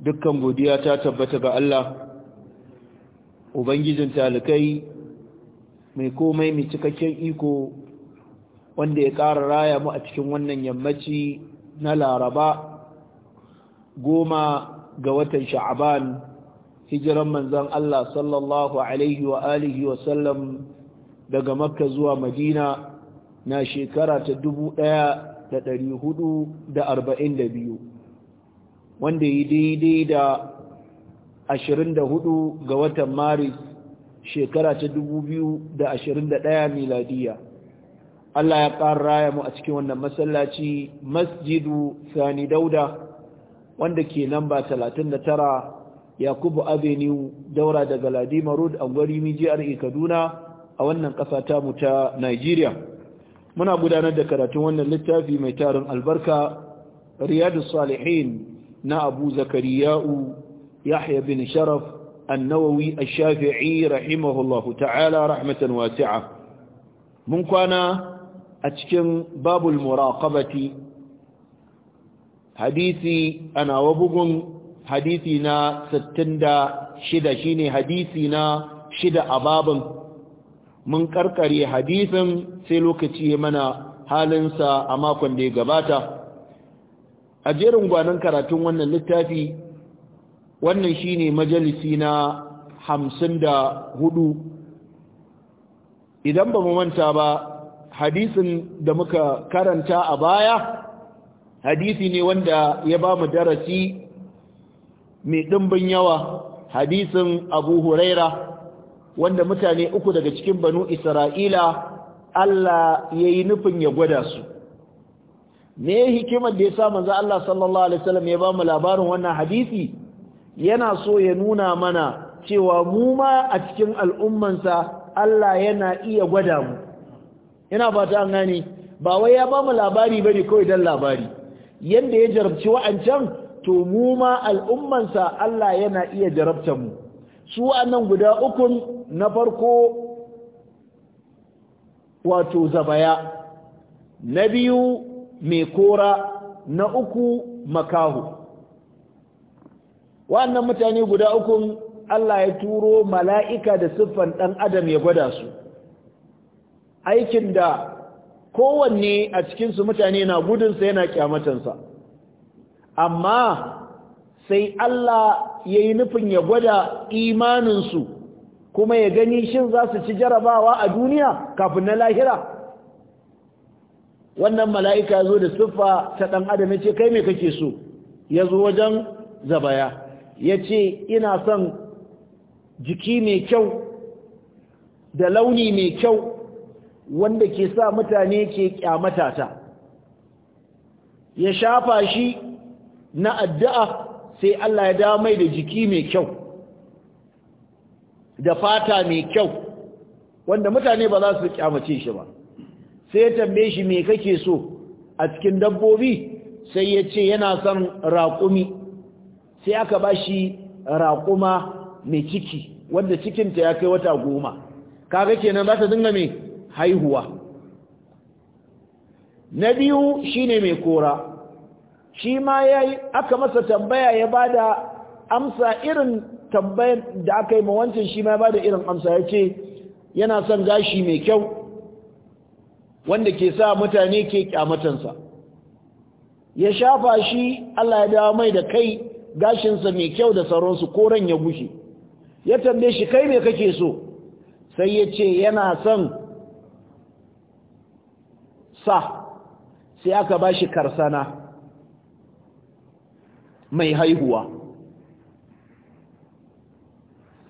dukkan godiya ta tabbata ga Allah ubangijin talikai mai komai mai cikakken iko wanda ya ƙara raya mu a cikin wannan yammaci na laraba goma ga watan sha'aban hijiran manzan Allah sallallahu alaihi wa alihi wa sallam daga makka zuwa madina na shekara ta dubu ɗaya da da da arba'in da biyu. wanda yi daidai da 24 ga watan maris shekara ta 2021 miladiya Allah ya ƙara raya mu a cikin wannan masallaci masjidu sani dauda wanda ke ba 39 yakubu avenue daura daga ladima road a gwari mijiyar e, kaduna a wannan ƙasa ta ta nigeria muna gudanar da karatun wannan littafi mai tarin albarka riyadu salihin na abu zakariya'u yahya bin sharaf annawawi a shafii rahimahullahu ta'ala rahmatan wasi'a mun kwana a cikin babul muraqabati hadisi ana bugun hadisi na 66 shine hadisi na shida a babin mun karkare hadisin sai lokaci mana halinsa a makon da ya gabata a jerin gwanon karatun wannan littafi wannan shine majalisi na hamsin da hudu idan ba mu manta ba hadisin da muka karanta a baya hadisi ne wanda ya ba mu darasi mai ɗimbin yawa hadisin abu huraira wanda mutane uku daga cikin banu isra'ila Allah ya yi nufin ya gwada su me hikimar da ya manzo Allah sallallahu alaihi wasallam ya ba mu labarin wannan hadisi yana so ya nuna mana cewa mu ma a cikin al'ummansa Allah yana iya gwada mu ina ba ta gane ba wai ya ba mu labari bane kawai dan labari yanda ya jarabci wa'ancan to mu ma al'ummansa Allah yana iya jarabta mu su annan guda uku na farko wato zabaya na biyu mai kora na uku makahu Wannan mutane guda ukun Allah ya turo mala'ika da siffan ɗan adam ya gwada su aikin da kowanne a cikinsu mutane na gudunsa yana kyamatansa amma sai Allah ya yi nufin ya gwada imaninsu kuma ya gani shin za su ci jarabawa a duniya kafin na lahira wannan mala'ika ya zo da siffa ta ɗan adam ya ce kai mai kake so ya zo wajen zabaya ya ce ina son jiki mai kyau da launi mai kyau wanda ke sa mutane ke kyamata ta ya shafa shi na addu'a sai Allah ya damai da jiki mai kyau da fata mai kyau wanda mutane ba za su kyamace shi ba sai ya tambaye shi me kake so a cikin dabbobi sai ya ce yana son raƙumi sai aka ba shi raƙuma mai ciki wanda cikinta ya kai wata goma kaga kenan za ta dinga mai haihuwa na biyu shine mai kora shi ma ya yi aka masa tambaya ya ba da amsa irin tambayan da aka yi mawancin shi ma ya ba da irin amsa ya ce yana son gashi mai kyau wanda ke sa mutane ke kyamatansa ya shafa shi Allah ya dawo mai da kai gashinsa mai kyau da sauransu koren ya gushe ya tambaye shi kai me kake so sai ya ce yana son sa sai aka ba shi karsana mai haihuwa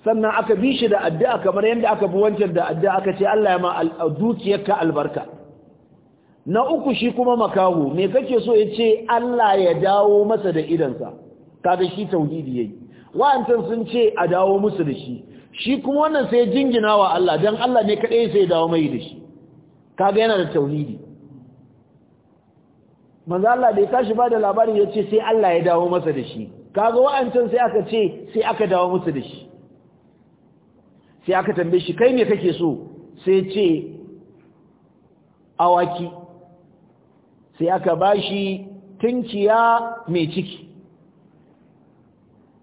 sannan aka bi shi da addu'a kamar yadda aka bi wancan da addu'a aka ce Allah ya ma dukiyarka albarka na uku shi kuma makahu me kake so ya ce Allah ya dawo masa da idansa kaga shi tauhidi yayi wa'antan sun ce a dawo musu da shi shi kuma wannan sai jingina wa Allah dan Allah ne kadai sai dawo mai da shi kaga yana da tauhidi manzo Allah ya tashi ba da labarin ce sai Allah ya dawo masa da shi kaga wa'antan sai aka ce sai aka dawo musu da shi sai aka tambaye shi kai me kake so sai ce awaki sai aka bashi tunciya mai ciki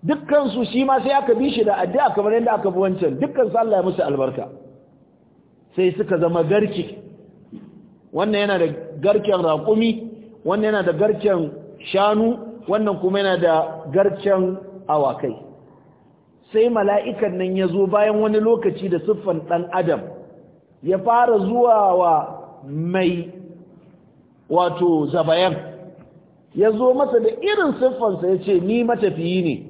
dukkansu shi ma sai aka bi shi da addu'a kamar yadda aka bi wancan dukkansu Allah ya musu albarka sai suka zama garki wannan yana da garken raƙumi wannan yana da garken shanu wannan kuma yana da garken awakai sai mala'ikan nan ya zo bayan wani lokaci da siffan ɗan adam ya fara zuwa wa mai wato zabayan ya zo masa da irin siffansa ya ce ni matafiyi ne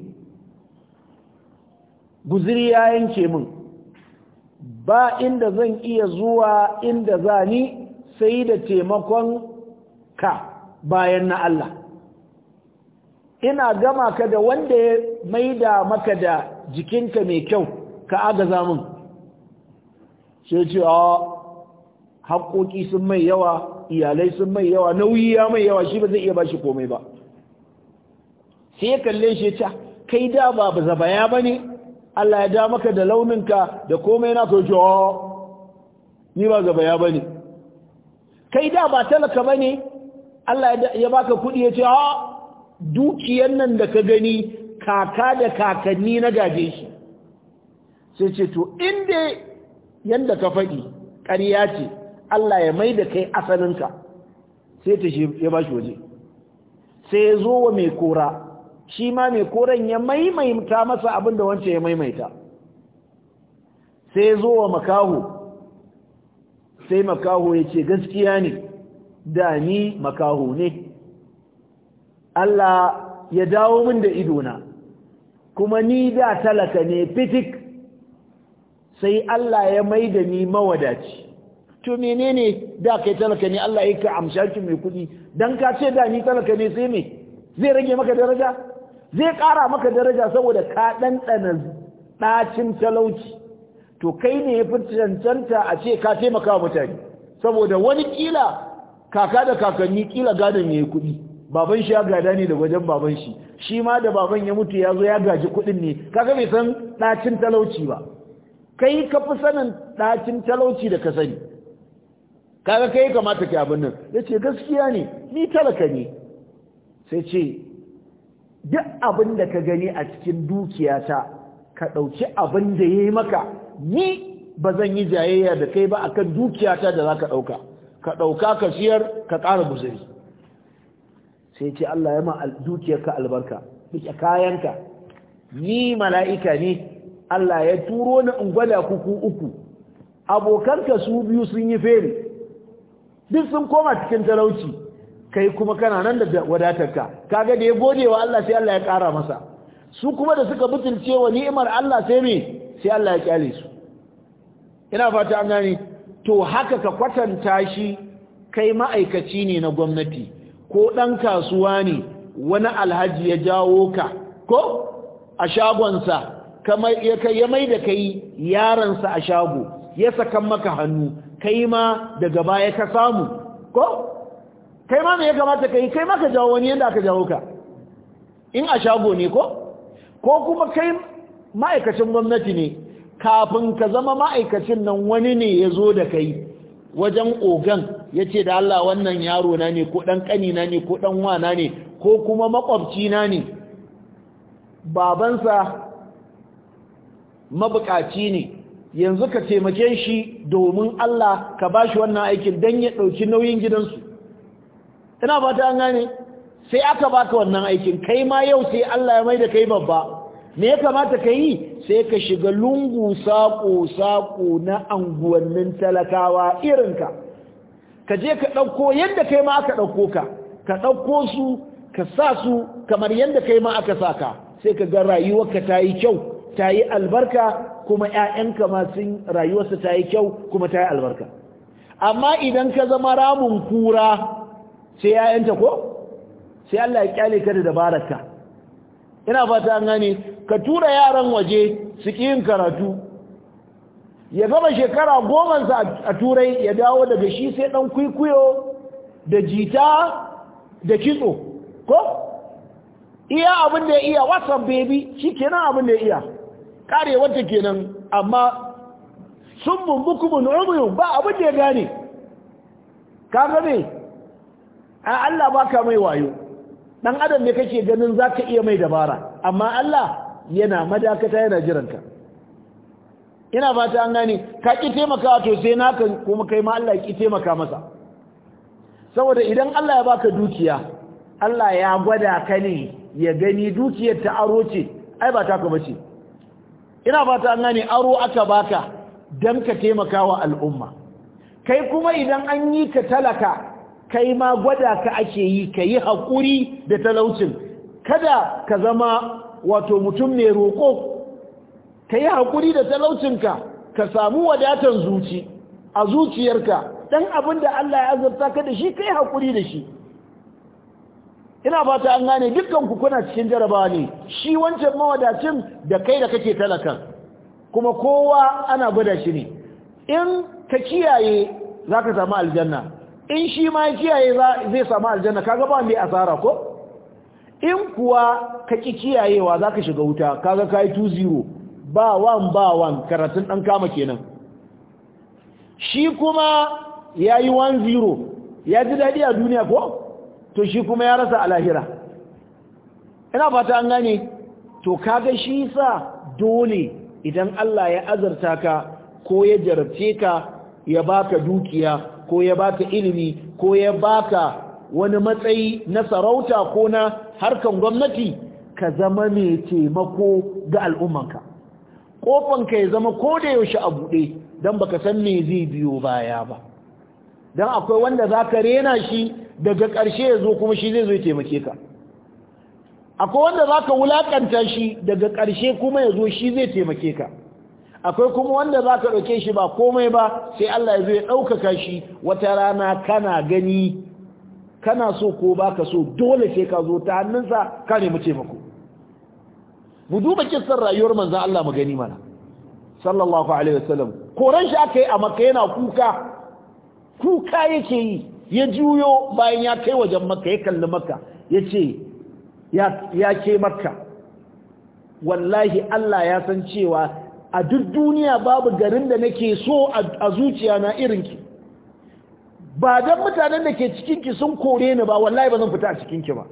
guziri ya yanke min ba inda zan iya zuwa inda za ni sai da taimakon ka bayan na Allah ina gama ka da wanda ya maida maka da jikinka mai kyau ka agaza min sai ce a ah, haƙoƙi sun mai yawa iyalai sun mai yawa nauyi ya mai yawa shi ba zai iya bashi komai ba sai ya kalle shi ta ah, kai da ba ba zabaya ba ne Allah ya da maka da launinka da komai na ko jo oh, ni ba zabaya ba ne kai da ba talaka bane Allah ya baka kudi ya ce a ah, dukiyar nan da ka gani kaka da kakanni na gaje shi sai ce to inda yanda ka faɗi ƙarya ce Allah ya mai da kai asalinka sai ta shi ya ba shi waje sai ya zo wa mai kora shi ma mai koren ya maimaita masa abin da wancan ya maimaita sai ya zo wa makaho sai makaho ya ce gaskiya ne da ni makaho ne Allah ya dawo min da idona kuma ni da talaka ne fitik sai Allah ya mai da ni mawadaci to menene da kai talaka ne Allah ya ka amsha ki mai kuɗi dan ka ce da ni talaka ne sai me zai rage maka daraja zai kara maka daraja saboda ka ɗanɗana ɗacin talauci to kai ne ya fi cancanta a ce ka ce maka mutane saboda wani kila kaka da kakanni kila gadon ne kudi kuɗi baban shi ya gada ne da wajen baban shi shi ma da baban ya mutu ya zo ya gaji kuɗin ne kaga bai san ɗacin talauci ba kai ka fi sanin ɗacin talauci da ka sani kaga kai kamata ki abin nan yace gaskiya ne ni talaka ne sai ce duk abin da ka gani a cikin dukiyata ka dauki abin da yayi maka ni bazan yi jayayya da kai ba akan dukiyata da zaka dauka ka dauka ka siyar ka ƙara buzuri sai ce Allah ya ma dukiyarka albarka duka kayanka ni mala'ika ne Allah ya turo ni in gwada kuku uku abokanka su biyu sun yi fere duk sun koma cikin talauci kai kuma kana nan da wadatarka kaga da ya gode wa Allah sai Allah ya ƙara masa su kuma da suka butulce wa ni'imar Allah sai me sai Allah ya kyale su ina fata an gane to haka ka kwatanta shi kai ma'aikaci ne na gwamnati ko ɗan kasuwa ne wani alhaji ya jawo ka ko a shagonsa ya mai da kai yaransa a shago ya sakan maka hannu kai ma daga baya ka samu ko kai ma me ya kamata kai kai ma ka jawo wani yanda aka jawo ka in a shago ne ko ko kuma kai ma'aikacin gwamnati ne kafin ka zama ma'aikacin nan wani ne ya zo da kai wajen ogan ya ce da Allah wannan yaro na ne ko ɗan ƙanina ne ko ɗan wana ne ko kuma makwabci na ne babansa mabukaci ne yanzu ka taimake shi domin Allah ka ba shi wannan aikin don ya ɗauki nauyin gidansu ina ba ta gane sai aka baka wannan aikin kai ma yau sai Allah ya mai da kai babba me ya kamata ka yi sai ka shiga lungu saƙo-saƙo na anguwannin talakawa irinka ka je ka ɗauko yadda kai ma aka ɗauko ka ka ɗauko su ka sa su kamar yadda kai ma aka sa ka sai ka ga rayuwarka ta yi kyau ta yi albarka kuma ƴaƴanka ma rayuwarsa ta yi kyau kuma ta yi albarka amma idan ka zama ramun kura sai ƴaƴanta ko sai Allah ya kyale ka da dabararka ina fata an gane ka tura yaran waje su yin karatu ya gama shekara gomansa a turai ya dawo daga shi sai dan kwikwiyo da jita da kitso ko iya abin da ya iya Whatsapp baby shi kenan abin da ya iya karewarta kenan amma sun kuma umuyun ba abin da ya gane ka gane a Allah ba ka mai wayo ɗan adam ne kake ganin za ka iya mai dabara amma Allah yana madakata yana jiranka ina fata an gani ka ki taimakawa to sai naka kuma kai ma Allah ki taimaka masa saboda idan Allah ya baka dukiya Allah ya gwada ka ne ya gani dukiyar ta aro ce ai ba ta taka bace ina ba ta gane aro aka baka don ka taimaka wa al'umma kai kuma idan an yi ka talaka kai ma gwada ka ake yi ka yi haƙuri da talaucin kada ka zama wato mutum mai roƙo ka yi haƙuri da talaucinka ka samu wadatan zuci a zuciyarka dan abin da Allah ya azurta ka da shi kai haƙuri da shi ina fata an gane dukkan ku kuna cikin jarabawa ne shi wancan mawadacin da kai da kake talaka kuma kowa ana gwada shi ne in ka kiyaye za ka samu aljanna in shi ma kiyaye zai samu aljanna kaga ba mai asara ko in kuwa ka ki kiyayewa za ka shiga wuta kaga ka yi 2-0 ba wan ba wan karatun ɗan kama kenan shi kuma ya yi 1-0 ya ji daɗi a duniya ko? to shi kuma ya rasa alahira. ina fata an gane to kaga shi sa dole idan Allah ya azarta ka ko ya jarabce ka ya baka dukiya ko ya baka ilimi ko ya baka wani matsayi na sarauta ko na harkan gwamnati ka zama mai taimako ga al'ummanka ka ya zama ko da yaushe a buɗe don baka san me zai biyo baya ba don akwai wanda za ka rena shi daga ƙarshe ya zo kuma shi zai zo ya taimake ka akwai wanda za ka wulaƙanta shi daga ƙarshe kuma ya zo shi zai taimake ka akwai kuma wanda za ka ɗauke shi ba komai ba sai Allah ya zo ya ɗaukaka shi wata rana kana gani kana so ko ba ka so dole sai ka zo ta hannunsa ka nemi taimako mu duba kissar rayuwar manzan Allah mu gani mana sallallahu alaihi wasallam koran shi aka yi a maka yana kuka kuka yake yi ya juyo bayan ya kai wajen maka ya kalli maka ya ce ya ke maka wallahi Allah ya san cewa a duk duniya babu garin da nake so a zuciya na irinki ba don mutanen da ke cikinki sun kore ni ba wallahi ba zan fita a cikinki ba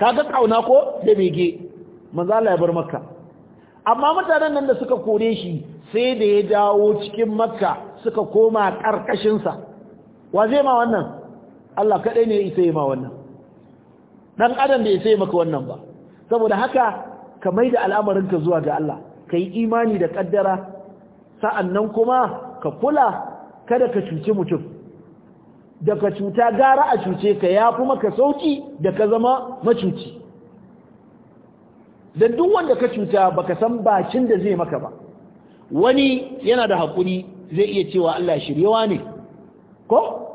kaga kauna ko da bege maza Allah ya bar maka amma mutanen nan da suka kore shi sai da ya dawo cikin maka suka koma ƙarƙashinsa. wa zai ma wannan Allah kaɗai ne isa yi ma wannan ɗan adam da isa yi maka wannan ba saboda haka ka mai da ka zuwa ga Allah ka yi imani da ƙaddara sa'annan kuma ka kula kada ka cuci mutum da ka cuta gara a cuce ka ya fi maka sauki da ka zama macuci da duk wanda ka cuta baka san bakin da zai maka ba wani yana da haƙuri zai iya cewa Allah shiryawa ne ko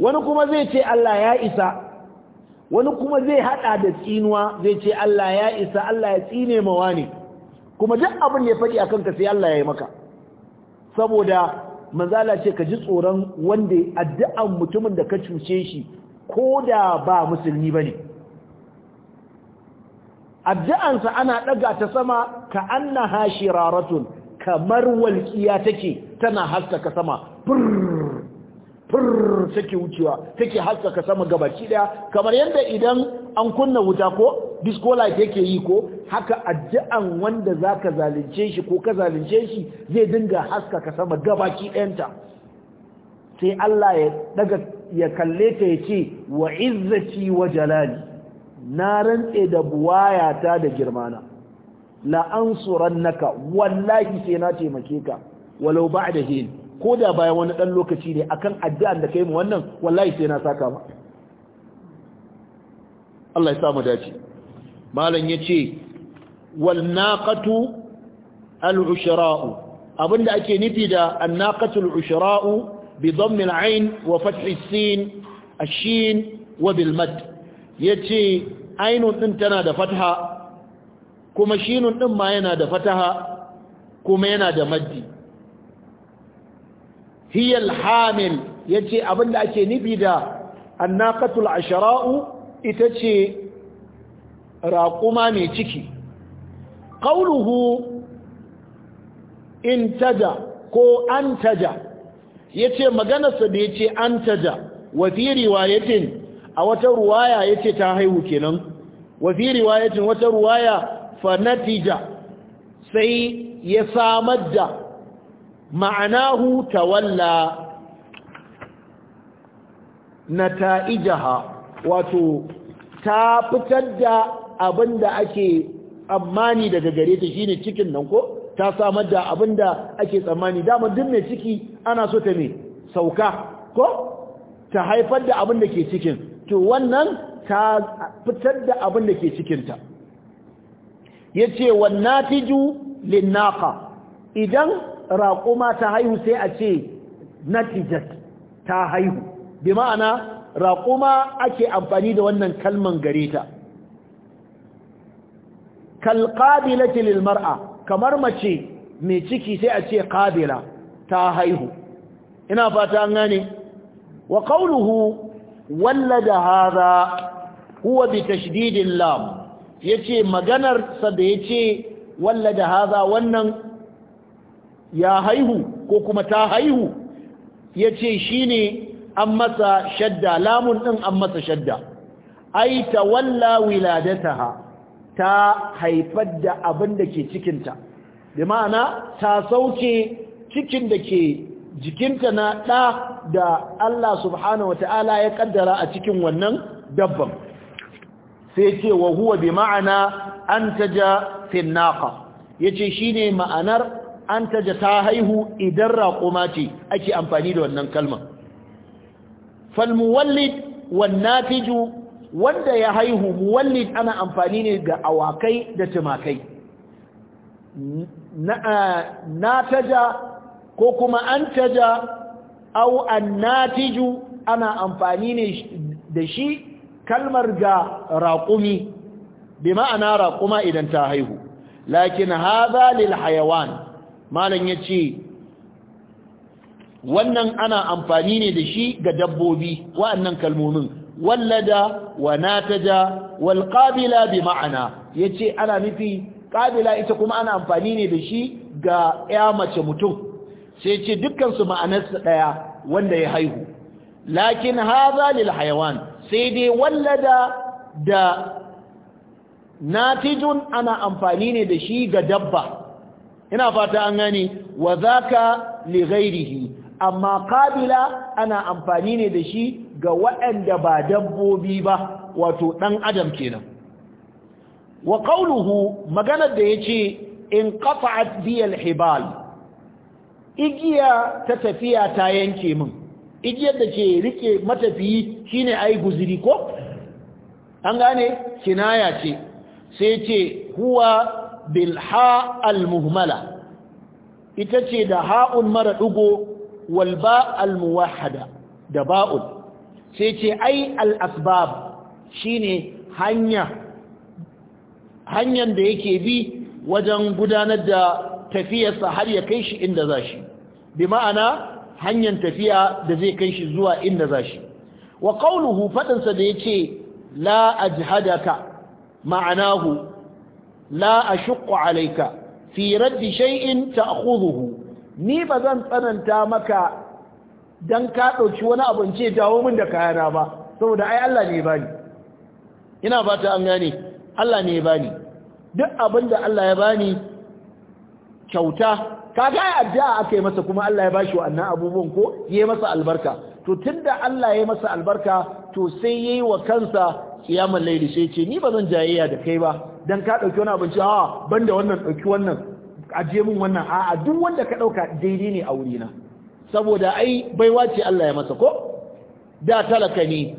wani kuma zai ce Allah ya isa wani kuma zai hada da tsinuwa zai ce Allah ya isa Allah ya tsine mawa ne kuma duk abin da ya faɗi akan ka sai Allah ya yi maka saboda manzala ce ka ji tsoron wanda addu'an mutumin da ka cuce shi ko da ba musulmi ba bane addu'ansa ana daga ta sama ka annaha shiraratun kamar walqiya take tana haskaka sama fur fur take wucewa take haskaka sama gabaki daya kamar yadda idan an kunna wuta ko disco light yake yi ko haka addu'an wanda zaka zalunce shi ko ka zalunce shi zai dinga haskaka sama gabaki dayanta sai Allah ya daga ya kalle ta yace wa izzati wa jalali na rantse da buwayata da girmana la ansurannaka wallahi sai na taimake ka walau ba'da hin ko da bayan wani ɗan lokaci ne akan addu'an da kai mu wannan wallahi sai na saka ba Allah ya samu dace malam yace wal naqatu al ushra'u abinda ake nufi da an naqatu al bi dhamm ain wa fath ashin wa bilmat Ya yace ainun ɗin tana da fatha kuma shinun ɗin ma yana da fataha kuma yana da maddi hiyal hamil yace abinda ake nufi da annaqatul Asharau ita ce raquma mai ciki qawluhu intaja ko antaja yace maganarsa da yace antaja wa fi a wata ruwaya yace ta haihu kenan wa fi wata ruwaya fa natija sai ya samar da ma'anahu tawalla nata'ijaha wato ta fitar da abinda ake tsammani daga gare ta shine cikin nan ko ta samar da da ake tsammani dama duk mai ciki ana so ta me sauka ko ta haifar da da ke cikin to wannan ta fitar da da ke cikinta yace wan natiju linnaqa idan raƙuma ta haihu sai a ce natijat ta haihu bi ma'ana raƙuma ake amfani da wannan kalman gare ta kalƙabilati lil mar'a kamar mace mai ciki sai a ce ƙabila ta haihu ina fata gane wa qawluhu wallada hadha huwa bi tashdidil lam yace maganar sa da yace wallada haza wannan ya haihu ko kuma ta haihu ya ce shi ne an masa shadda lamun ɗin an masa shadda ai ta walla wiladataha ta haifar da abin da ke cikinta da ma'ana ta sauke cikin da ke jikinta na ɗa da Allah subhanahu wa ta'ala ya ƙaddara a cikin wannan dabban sai ce wa huwa bi ma'ana an ta ja finnaƙa ya ce shi ne ma'anar an taja ta haihu idan raƙuma ce ake amfani da wannan kalma falmuwallid wannatiju wanda ya haihu muwallid ana amfani ne ga awakai da tumakai na taja ko kuma an taja au annatiju ana amfani ne da shi kalmar ga raƙumi bi ma'ana raƙuma idan ta haihu lakin haza lil hayawan malam ya ce wannan ana amfani ne da shi ga dabbobi wa'annan kalmomin wallada wa nataja wal qabila bi ma'ana yace ana nufi qabila ita kuma ana amfani ne da shi ga ya mace mutum sai ce dukkan su ma'anarsa daya wanda ya haihu lakin hadha lil hayawan sai dai wallada da natijun ana amfani ne da shi ga dabba ina fata an gane wa zaka li ghairihi amma qabila ana amfani ne da shi ga waɗanda ba dabbobi ba wato dan adam kenan wa qawluhu maganar da yace in qata'at bi hibal igiya ta tafiya ta yanke min igiyar da ke rike matafiyi shine ai guziri ko an gane kinaya ce sai ce huwa bilha al muhmala ita ce da ha'un mara ɗugo walba al muwahhada da ba'un sai ce ai al asbab shine ne hanyar da yake bi wajen gudanar da tafiyarsa har ya kai shi inda za shi bi ma'ana hanyar tafiya da zai kai shi zuwa inda za shi wa ƙaunuhu faɗinsa da ya ce la ka ma'anahu la ashqu alayka fi raddi shay'in ta'khudhuhu ni bazan tsananta maka dan ka dauki wani abin ya dawo min da kayana ba saboda ai Allah ne bani ina fata an gane Allah ne bani duk abin Allah ya bani kyauta kaga ai addu'a yi masa kuma Allah ya bashi wannan abubuwan ko ya yi masa albarka to tunda Allah ya yi masa albarka to sai yayi wa kansa kiyamul laili sai ce ni zan jayayya da kai ba dan ka ɗauki wani abinci a banda wannan dauki wannan aje mun wannan a duk wanda ka dauka daidai ne a wuri na saboda ai baiwa ce Allah ya masa ko da talaka ne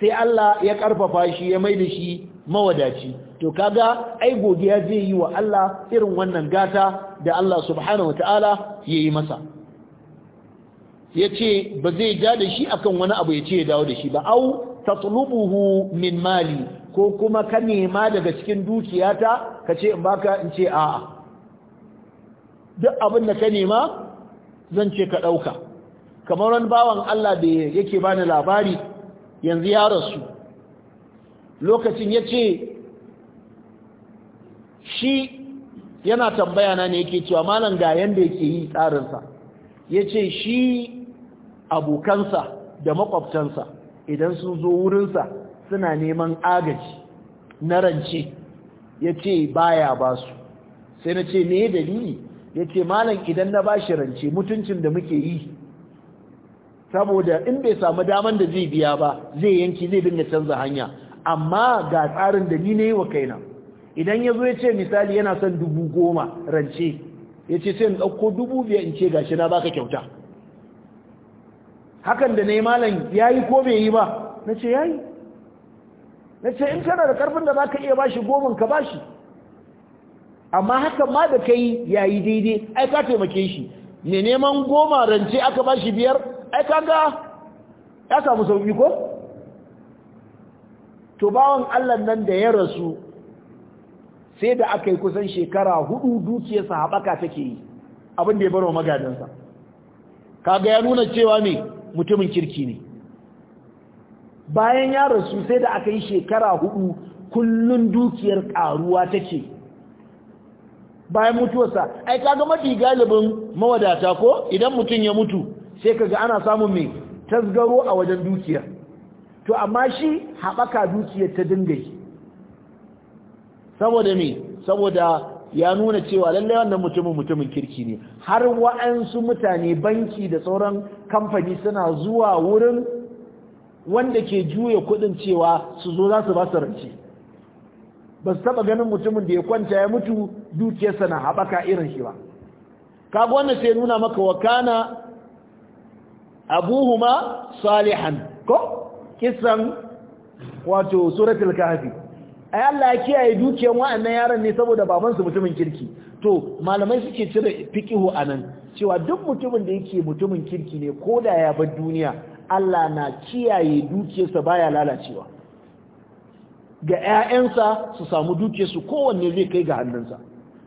sai Allah ya karfafa shi ya mai da shi mawadaci to kaga ai godiya zai yi wa Allah irin wannan gata da Allah subhanahu wataala yi masa yace ba zai ja da shi akan wani abu ya ce ya dawo da shi ba au tatlubuhu min mali ko kuma ka nema daga cikin dukiyata ka ce in baka in ce a'a duk abin da ka nema zan ce ka ɗauka kamar wani bawan Allah da yake bani labari yanzu ya rasu lokacin ya ce shi yana tambaya na ne yake cewa malam ga yanda yake yi tsarinsa ya ce shi abokansa da makwabtansa idan sun zo wurinsa suna neman agaji na rance ya ce baya ba su sai na ce me dalili ya ce malam idan na bashi rance mutuncin da muke yi saboda in bai samu daman da zai biya ba zai yanki zai dinga canza hanya amma ga tsarin da ni ne wa kaina idan ya zo ya ce misali yana son dubu goma rance ya ce sai in ɗauko dubu biyar in ce gashi na baka kyauta hakan da na yi malam ya yi ko bai yi ba na ce ya yi na ce in kana da karfin da za ka iya bashi goman ka bashi amma haka ma da kai yayi daidai ai ka taimake shi ne neman goma rance aka bashi biyar ai ga. ya samu sauki ko to bawan Allah nan da ya rasu sai da aka yi kusan shekara hudu dukiyarsa haɓaka take yi abin da ya baro magadansa kaga ya nuna cewa ne mutumin kirki ne bayan ya rasu sai da aka yi shekara hudu kullun dukiyar karuwa take bayan mutuwarsa ai kaga mafi galibin mawadata ko idan mutum ya mutu sai kaga ana samun mai tasgaro a wajen dukiyar to amma shi haɓaka dukiyar ta dinga saboda me saboda ya nuna cewa lallai wannan mutumin mutumin kirki ne har wa'ansu mutane banki da sauran kamfani suna zuwa wurin wanda ke juya kudin cewa su zo za su ba su rance ba su taba ganin mutumin da ya kwanta ya mutu dukiyarsa na haɓaka irin shi ba kaga wannan sai nuna maka kana abuhuma salihan ko kisan wato suratul kahfi ay Allah ya kiyaye dukiyar wa'annan yaran ne saboda su mutumin kirki to malamai suke cire fiqihu anan cewa duk mutumin da yake mutumin kirki ne koda ya bar duniya Allah na kiyaye dukiyarsa baya lalacewa ga 'ya'yansa su samu dukiyarsu kowanne zai kai ga hannunsa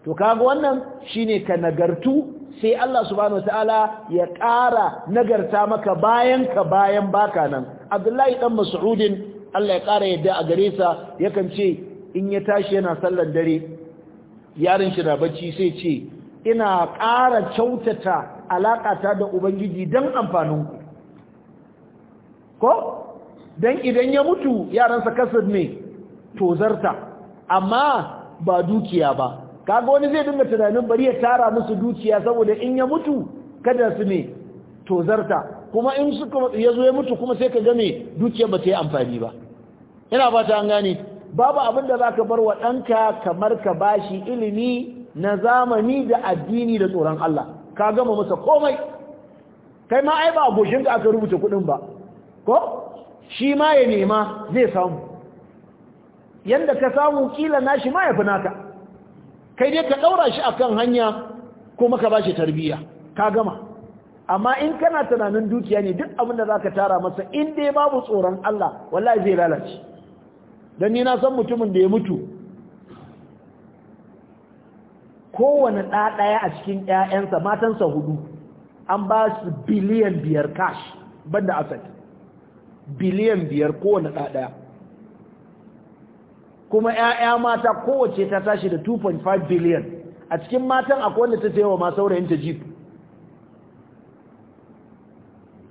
to kaga wannan shine ka nagartu sai Allah subhanahu wataala ya ƙara nagarta maka bayan ka bayan baka nan Abdullahi dan Mas'udin Allah ya ƙara yadda a gare sa yakan ce in ya tashi yana sallar dare yaron shi da bacci sai ce ina ƙara kyautata alaƙata da ubangiji don amfaninku ko dan idan ya mutu yaransa kasar ne tozarta amma ba dukiya ba kaga wani zai dinga tunanin bari ya tara musu dukiya saboda in ya mutu kada su ne tozarta kuma in suka ya zo ya mutu kuma sai ka ga me dukiyar ba ta yi amfani ba ina fata an gane babu abin da za ka bar wa ɗanka kamar ka bashi ilimi na zamani da addini da tsoron Allah ka gama masa komai kai ma ai ba goshin ka aka rubuta kuɗin ba ko shi ma ya nema zai samu yadda ka samu kila nashi ma ya fi naka kai dai ka ɗaura shi akan hanya kuma ka bashi tarbiyya ka gama amma in kana tunanin dukiya ne duk abin da za ka tara masa in dai babu tsoron Allah wallahi zai lalace dan ni na san mutumin da ya mutu kowane ɗaɗaya a cikin 'ya'yansa matansa hudu an ba su biliyan biyar cash banda asali biliyan biyar kowane ɗaɗaya kuma 'ya'ya mata kowace ta tashi da 2.5 biliyan a cikin matan a kowane ta wa ma saurayin ta jip.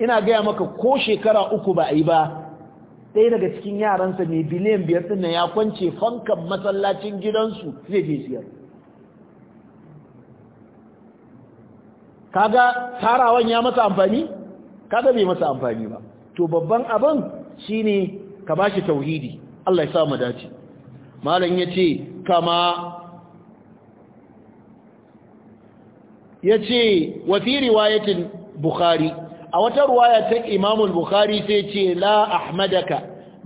ina gaya maka ko shekara uku ba a yi ba ɗaya daga cikin yaransa mai biliyan biyar ɗin ya kwance fankan masallacin gidansu zai je siyar kaga tarawan ya masa amfani kaga bai masa amfani ba to babban abin shine ka bashi tauhidi Allah ya sa mu dace malam yace kama yace wa fi riwayatin bukhari a wata riwaya ta imamu bukhari sai ce la ahmadaka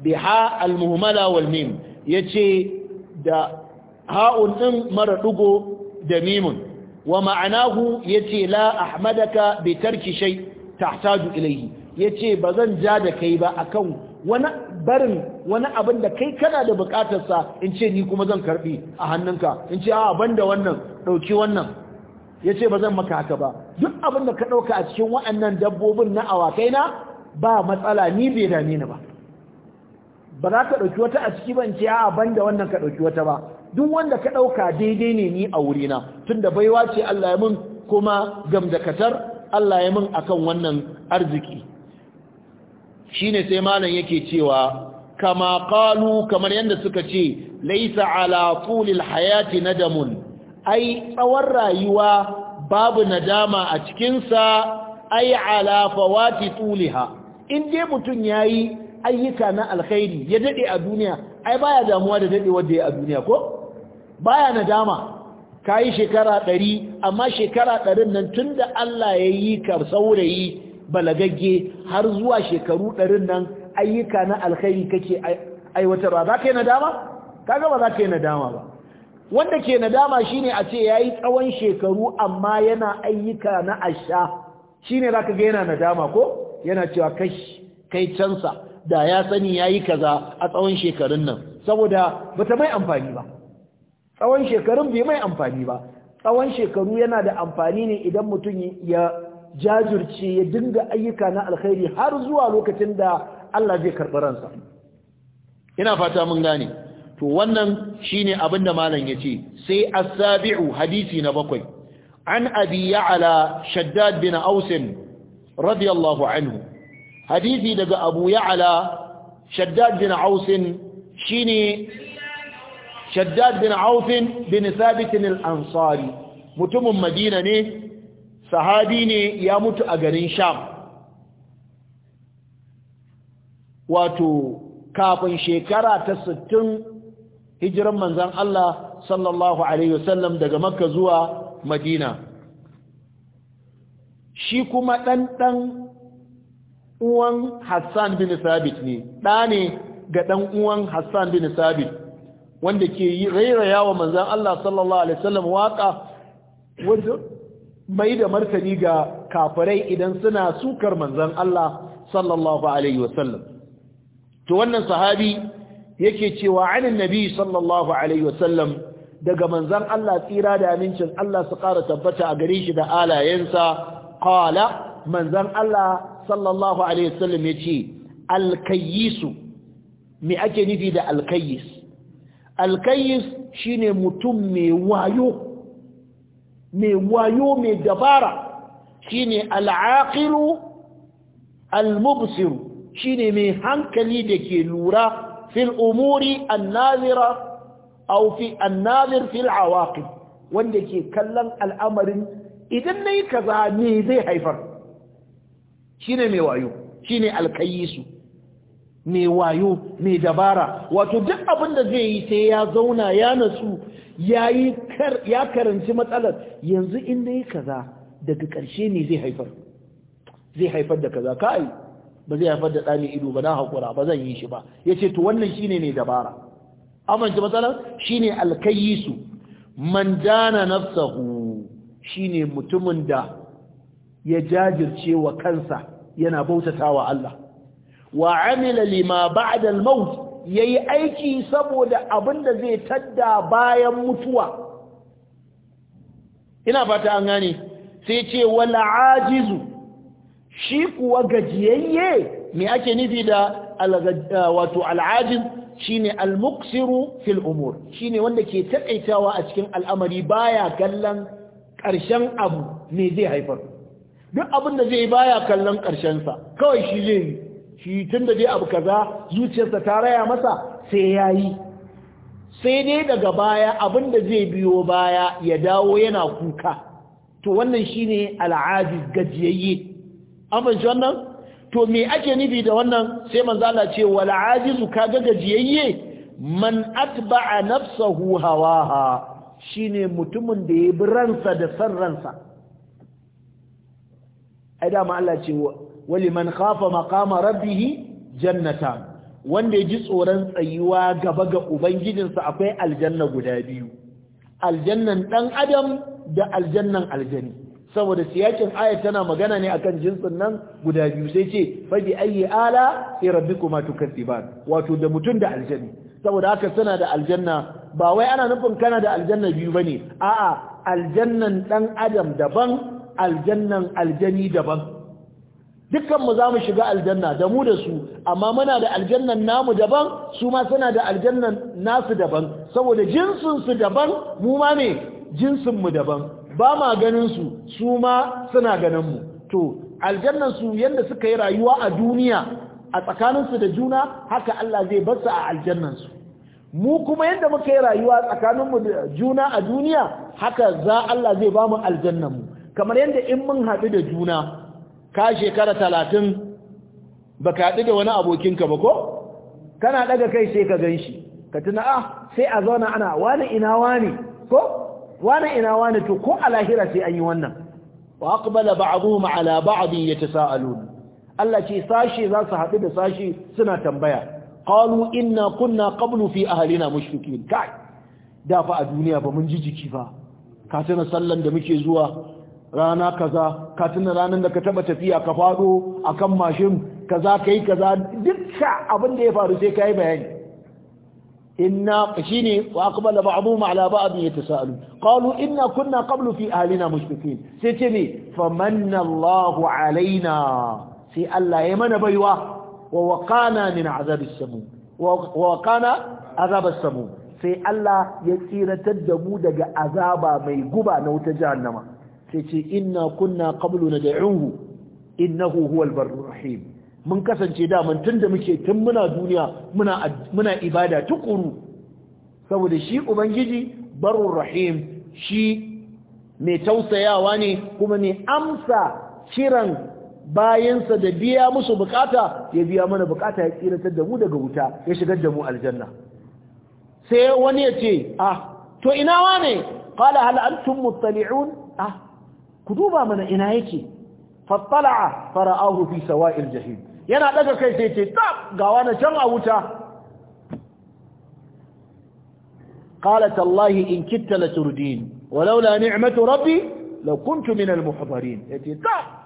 biha almuhmala wal yace da ha'un din mara dugo da mimun wa ma'anahu yace la ahmadaka bi tarki shay tahtaju ilayhi ya ce ba zan ja da kai ba akan wani barin wani abin da kai kana da bukatarsa in ce ni kuma zan karbi a hannunka in ce a ban da wannan ɗauki wannan ya ce ba zan maka haka ba duk abin da ka ɗauka a cikin waɗannan dabbobin na awakai na ba matsala ni bai dame ni ba ba za ka ɗauki wata a ciki ban ce a ban da wannan ka ɗauki wata ba duk wanda ka ɗauka daidai ne ni a wurina tun da baiwa ce Allah ya mun kuma gamdakatar Allah ya mun akan wannan arziki shine sai malam yake cewa kama qalu kamar yanda suka ce laisa ala tulil hayati nadamun ai tsawon rayuwa babu nadama a cikinsa ai ala fawati tuliha in dai mutum yayi ayyuka na alkhairi ya dade a duniya ai baya damuwa da dade wanda ya a duniya ko baya nadama kayi shekara ɗari amma shekara ɗarin nan tunda Allah ya yi ka saurayi balagagge har zuwa shekaru ɗarin nan ayyuka na alkhairi kake aiwatarwa za ka yi nadama? kaga ba za ka yi nadama ba wanda ke nadama shi ne a ce ya yi tsawon shekaru amma yana ayyuka na asha za ka ga yana nadama ko yana cewa kai cansa da ya sani ya yi kaza a tsawon shekarun nan saboda ba ta mai amfani ba tsawon shekarun bai mai amfani ba tsawon shekaru yana da amfani ne idan mutum ya jajirce ya dinga ayyuka na alkhairi har zuwa lokacin da Allah zai karɓi ransa ina fata mun gane to wannan shine abin da malam yace sai as-sabi'u hadisi na bakwai an abi ya'la shaddad bin aus radiyallahu anhu hadisi daga abu ya'la shaddad bin aus shine shaddad bin auf bin thabit al-ansari mutumin madina ne sahabi ne ya mutu a garin sham wato kafin shekara ta 60 hijiran manzan Allah sallallahu alaihi wasallam daga makka zuwa madina shi kuma ɗanɗan uwan hassan bin sabit ne ɗa ne ga ɗan uwan hassan bin sabit wanda ke rairaya wa manzan Allah sallallahu alaihi wasallam waka mai da martani ga kafirai idan suna sukar manzan Allah sallallahu alaihi wasallam to wannan sahabi yake cewa anin nabi sallallahu alaihi wasallam daga manzon Allah tsira da amincin Allah su ƙara tabbata a gare shi da alayensa qala manzon Allah sallallahu alaihi wasallam yace al me ake nufi da al-kayyis shine mutum mai wayo mai wayo mai dabara shine al'aqilu al shine mai hankali da ke lura fil umuri an fi annazir fil awaqib wanda ke kallon al'amarin idan nayi kaza me zai haifar shine mai wayo shine alkayi su? mai wayo mai dabara wato duk abin da zai yi sai ya zauna ya nasu ya karanci matsalar yanzu inda ya kaza daga ƙarshe ne zai haifar zai haifar da kaza kai ba zai haifar da ɗani ido ba na haƙura ba zan yi shi ba ya ce to wannan shi ne dabara amince matsalar shi ne alkayisu man dana nafsahu shi ne mutumin da ya jajirce wa kansa yana bautata wa Allah wa amila lima ba'da al-maut yayi aiki saboda abinda zai tadda bayan mutuwa ina fata an gane sai ce wala ajizu shi kuwa gajiyayye me ake nufi da wato al'ajiz shine al-muqsiru fil umur shine wanda ke takaitawa a cikin al'amari baya kallon ƙarshen abu Me zai haifar duk abin da zai baya kallon ƙarshen sa kawai shi zai yi shi tun da dai abu kaza zuciyarsa ta raya masa sai ya yi sai dai daga baya abin da zai biyo baya ya dawo yana kuka to wannan shine al'ajiz gajiyayye an shi wannan to me ake nufi da wannan sai manzo Allah ce wal ajizu kaga gajiyayye man atba'a nafsahu hawaha shine mutumin da ya bi ransa da san ransa ai da Allah ce waliman khafa maqama rabbih jannatan wanda ya ji tsoron tsayuwa gaba ga ubangijinsa akwai aljanna guda biyu aljannan dan adam da aljannan aljani saboda siyakin ayat tana magana ne akan jinsin nan guda biyu sai ce fa bi ayi ala sai rabbikuma tukadziban wato da mutun da aljani saboda haka suna da aljanna ba wai ana nufin kana da aljanna biyu bane a'a aljannan dan adam daban aljannan aljani daban dukkanmu za mu shiga aljanna da mu da su amma muna da aljannan namu daban su ma suna da aljannan nasu daban saboda jinsinsu daban mu ma ne jinsinmu daban ba ma ganinsu su ma suna ganinmu to aljannansu yadda suka yi rayuwa a duniya a tsakaninsu da juna haka Allah zai basu a aljannansu mu kuma yadda muka yi rayuwa tsakaninmu da juna a duniya haka za Allah zai ba mu aljannanmu kamar yadda in mun haɗu da juna ka shekara talatin ba ka haɗu da wani abokinka ba ko kana ɗaga kai sai ka gan shi ka tuna ah sai a zauna ana wani ina wani ko wani ina wani to ko a lahira sai an yi wannan wa aqbala ba'dhum ala ba'd yatasaalun Allah ce sashi za su haɗu da sashi suna tambaya qalu inna kunna qablu fi ahlina mushrikin kai da fa a duniya ba mun ji jiki ba ka tana sallan da muke zuwa rana kaza ka tuna ranar da ka taba tafiya ka fado akan mashin kaza kai kaza duk abin da ya faru sai yi bayani inna ne, wa aqbala ba'dhum ya ba'd yatasalu qalu inna kunna qablu fi ahlina mushfiqin sai ce ne manna Allahu alaina sai Allah ya mana baiwa wa ni min azabis samu wa waqana azabas samu sai Allah ya tsiratar da mu daga azaba mai guba na wuta jahannama sai ce inna kunna qablu nad'uhu innahu huwal barrur rahim mun kasance da mun tunda muke tun muna duniya muna muna ibada tukuru saboda shi ubangiji barrur rahim shi mai tausayawa ne kuma ne amsa kiran bayansa da biya musu bukata ya biya mana bukata ya tsiratar da mu daga wuta ya shigar da mu aljanna sai wani ya ce ah to ina wane qala hal antum muttali'un ah ku duba mana ina yake fattala'a fara'ahu fi sawa'il jahim yana daga kai sai ce tab ga wani can a wuta qalat allahi in kitta la turdin walaula ni'matu rabbi la kuntu min al muhdarin yace tab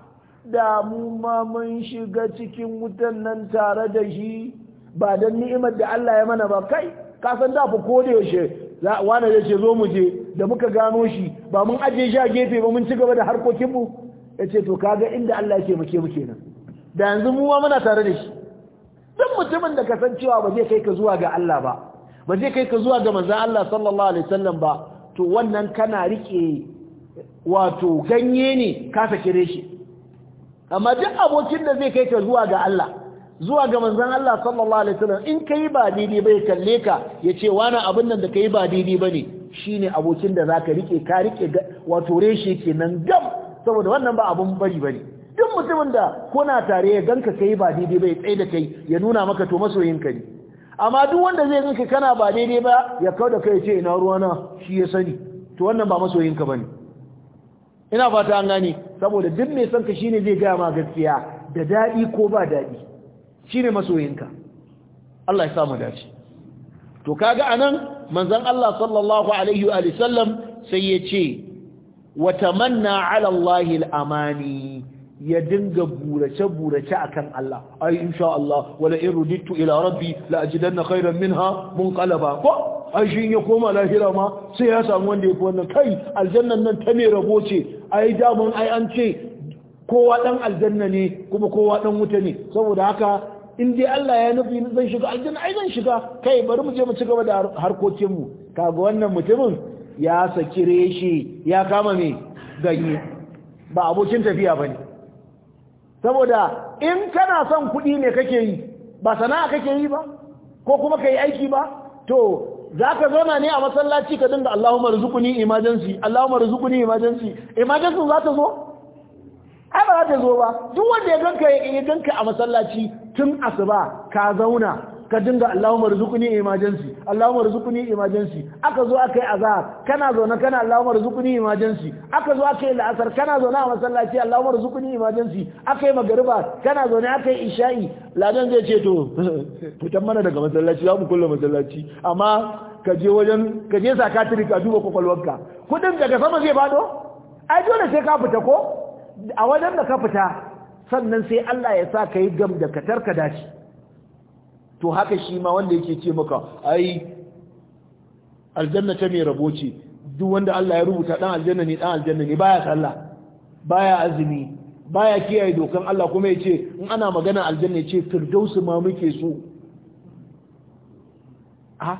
da mu ma mun shiga cikin wutan nan tare da shi ba dan ni'imar da Allah ya mana ba kai ka san da fa ko yaushe za wani ya ce zo mu je da muka gano shi ba mun aje shi a gefe ba mun ci gaba da harkokin mu ya ce to kaga inda Allah ya muke muke nan da yanzu mu muna tare da shi duk mutumin da kasancewa ba zai kai ka zuwa ga Allah ba ba zai kai ka zuwa ga manzon Allah sallallahu alaihi wasallam ba to wannan kana rike wato ganye ne ka sake shi amma duk abokin da zai kai ka zuwa ga Allah zuwa ga manzon Allah sallallahu alaihi wasallam in kai ba daidai bai kalle ka yace wani abin nan da kai ba daidai bane shine abokin da zaka rike ka rike wato reshe kenan gam saboda wannan ba abun bari bane duk mutumin da kuna tare ya ganka kai ba daidai bai tsaye da kai ya nuna maka to masoyinka ne amma duk wanda zai ganka kana ba daidai ba ya kauda kai ce ina ruwa na shi ya sani to wannan ba masoyinka bane ina fata an gane saboda duk mai son ka shine zai gaya ma gaskiya da daɗi ko ba daɗi shine masoyinka Allah ya samu dace to kaga anan manzon Allah sallallahu alaihi wa sallam sai ya ce wa tamanna ala Allah al-amani ya dinga burace-burace akan Allah ai insha Allah wala iruditu ila rabbi la ajidanna khairan minha munqalaba ko ai shi ya koma lahira ma sai ya samu wanda yafi wannan kai aljannan nan ta ne rabo ce ai damun ai an ce kowa dan aljanna ne kuma kowa dan wuta ne saboda haka in dai Allah ya nufi zan shiga aljanna ai zan shiga kai bari mu je mu ci gaba da harkokin mu kaga wannan mutumin ya saki reshe ya kama me ganye ba abokin tafiya bane saboda in kana son kuɗi ne kake yi ba sana'a kake yi ba ko kuma kai aiki ba to zaka zauna ne a masallaci ka dinga Allahumma rzuqni emergency Allahumma rzuqni emergency emergency za ta zo ai ba za ta zo ba duk wanda ya ganka ya ganka a masallaci tun asuba ka zauna ka dinga Allahumma rizqni emergency Allahumma rizqni emergency aka zo aka yi azhar kana zauna kana Allahumma rizqni emergency aka zo aka yi la'asar kana zauna a masallaci Allahumma rizqni emergency aka yi magriba kana zauna aka yi isha'i ladan zai ce to fitan mana daga masallaci za mu kulle masallaci amma ka je wajen ka je psychiatric ka duba kwakwalwarka kudin daga sama zai fado ai dole sai ka fita ko a wajen da ka fita sannan sai Allah ya sa ka yi gam da katarka ka dace to haka shi ma wanda yake ce maka ai aljanna ta mai rabo ce duk wanda Allah ya rubuta dan aljanna ne dan aljanna ne baya sallah baya azumi baya kiyaye dokan Allah kuma yace in ana magana aljanna yace firdausu ma muke so a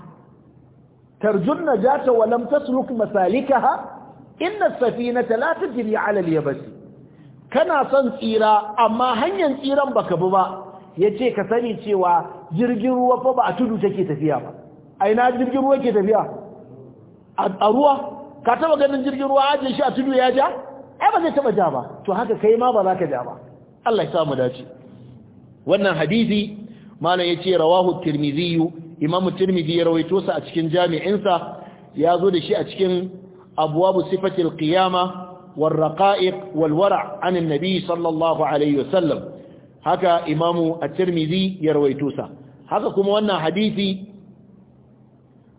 tarjun najata wa lam tasluk masalikaha inna as-safinata la tajri 'ala al-yabasi kana son tsira amma hanyar tsiran baka bi ba ya ce ka sani cewa jirgin ruwa fa ba a tudu take tafiya ba a ina jirgin ruwa ke tafiya a ruwa ka taba ganin jirgin ruwa ajiye shi a tudu ya ja ai ba zai taba ja ba to haka kai ma ba za ka ja ba Allah ya samu dace wannan hadisi malam ya ce rawahu tirmidhi imam tirmidhi ya rawaito sa a cikin jami'insa ya zo da shi a cikin abwabu sifatil qiyama والرقائق والورع عن النبي صلى الله عليه وسلم هكا إمام الترمذي يرويتوسا هكا كما وانا حديثي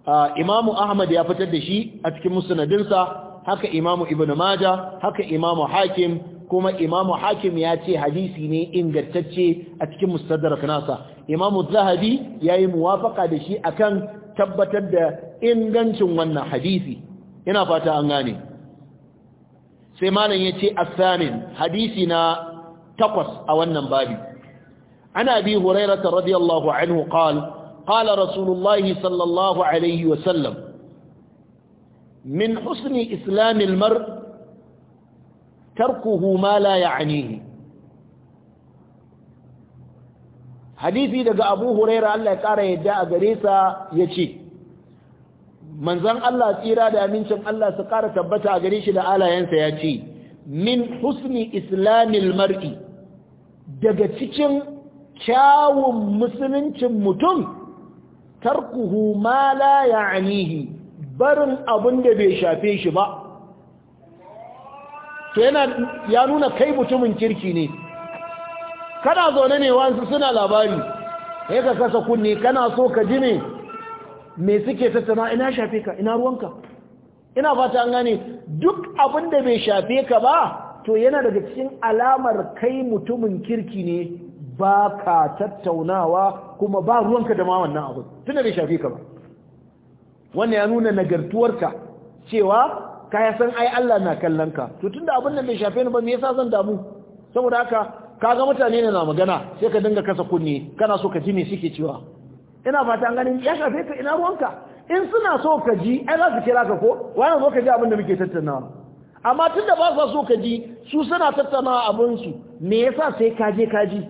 آه إمام أحمد يفتدشي أتكي مسندنسا هكا إمام ابن ماجة هكا إمام حاكم كما إمام حاكم ياتي حديثي ني إنجرتتشي أتكي مستدرك ناسا إمام الذهبي يأي موافقة دشي أكن tabbatar da ingancin wannan hadisi ina fata an gane sai malam ya ce samin hadisi na takwas a wannan babi ana bi hurairah radiyallahu anhu qala قال رسول الله wa الله min husni islamil mar إسلام المرء تركه ما hadisi daga Abu Hurairah Allah ya kara yadda a gare sa yace manzon Allah tsira da amincin Allah su ƙara tabbata a gare shi da alayensa ya ce min husni islamil mar'i daga cikin kyawun musuluncin mutum tarkuhu ma la ya'nihi barin abin da bai shafe shi ba to yana ya nuna kai mutumin kirki ne kana zaune ne wasu suna labari sai ka kasa kunne kana so ka ji ne me suke tattauna ina shafe ka ina ruwanka ina fata an gane duk abin da bai shafe ka ba to yana daga cikin alamar kai mutumin kirki ne ba ka tattaunawa kuma ba ruwanka da ma wannan tun tunda bai shafe ka ba wannan ya nuna nagartuwarka cewa ka ya san ai Allah na kallon ka to tunda abin da bai shafe ni ba me yasa zan damu saboda haka kaga mutane ne na magana sai ka dinga kasa kunne kana so ka ji me suke cewa ina fata an gani ya shafe ka ina ruwanka in suna so ka ji ai za su kira ka ko wani zo ka ji abin da muke tattaunawa amma tun da ba su so ka ji su suna tattaunawa abin su me yasa sai ka je ka ji